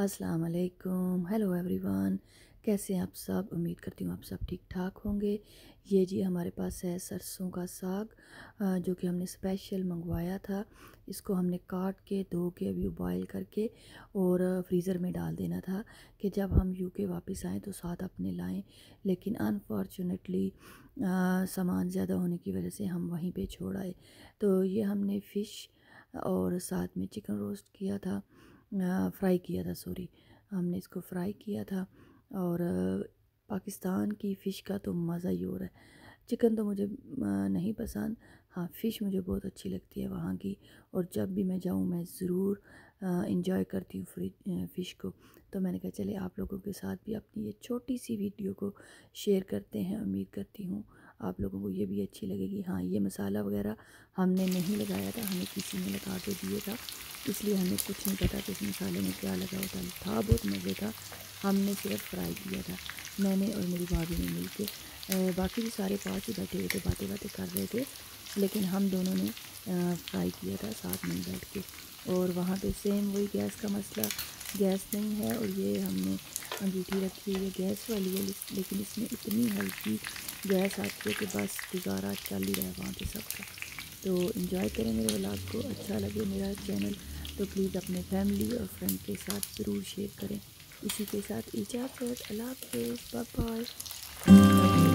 अस्सलाम वालेकुम hello everyone कैसे हैं आप सब उम्मीद करती हूँ आप सब ठीक ठाक होंगे ये जी हमारे पास है सरसों का साग जो कि हमने स्पेशल मंगवाया था इसको हमने काट के धो के अभी बॉयल करके और फ्रीज़र में डाल देना था कि जब हम यूके वापस आएँ तो साथ अपने लाएं लेकिन अनफॉर्चुनेटली सामान ज़्यादा होने की वजह से हम वहीं पर छोड़ आए तो ये हमने फ़िश और साथ में चिकन रोस्ट किया था फ़्राई किया था सॉरी हमने इसको फ़्राई किया था और पाकिस्तान की फ़िश का तो मज़ा ही और है चिकन तो मुझे नहीं पसंद हाँ फ़िश मुझे बहुत अच्छी लगती है वहाँ की और जब भी मैं जाऊँ मैं ज़रूर इंजॉय करती हूँ फ्रिज फ़िश को तो मैंने कहा चले आप लोगों के साथ भी अपनी ये छोटी सी वीडियो को शेयर करते हैं उम्मीद करती हूँ आप लोगों को ये भी अच्छी लगेगी हाँ ये मसाला वगैरह हमने नहीं लगाया था हमें किसी ने लगा के दिए था इसलिए हमें कुछ नहीं पता कि इस मसाले में क्या लगा होता था बहुत मज़े था हमने सिर्फ फ्राई किया था मैंने और मेरी भाभी ने मिल के बाकी भी सारे पास ही बैठे हुए थे बातें बातें कर रहे थे लेकिन हम दोनों ने फ्राई किया था साथ में बैठ के और वहाँ पे सेम वही गैस का मसला गैस नहीं है और ये हमने अंगीठी रखी है है गैस वाली है लेकिन इसमें इतनी हल्की गैस आती है कि बस गुजारा चल ही रहा है वहाँ पर सबका तो इन्जॉय करें मेरे ब्लॉग को अच्छा लगे मेरा चैनल तो प्लीज़ अपने फैमिली और फ्रेंड के साथ ज़रूर शेयर करें इसी के साथ इजाज़त अल्लाह बाय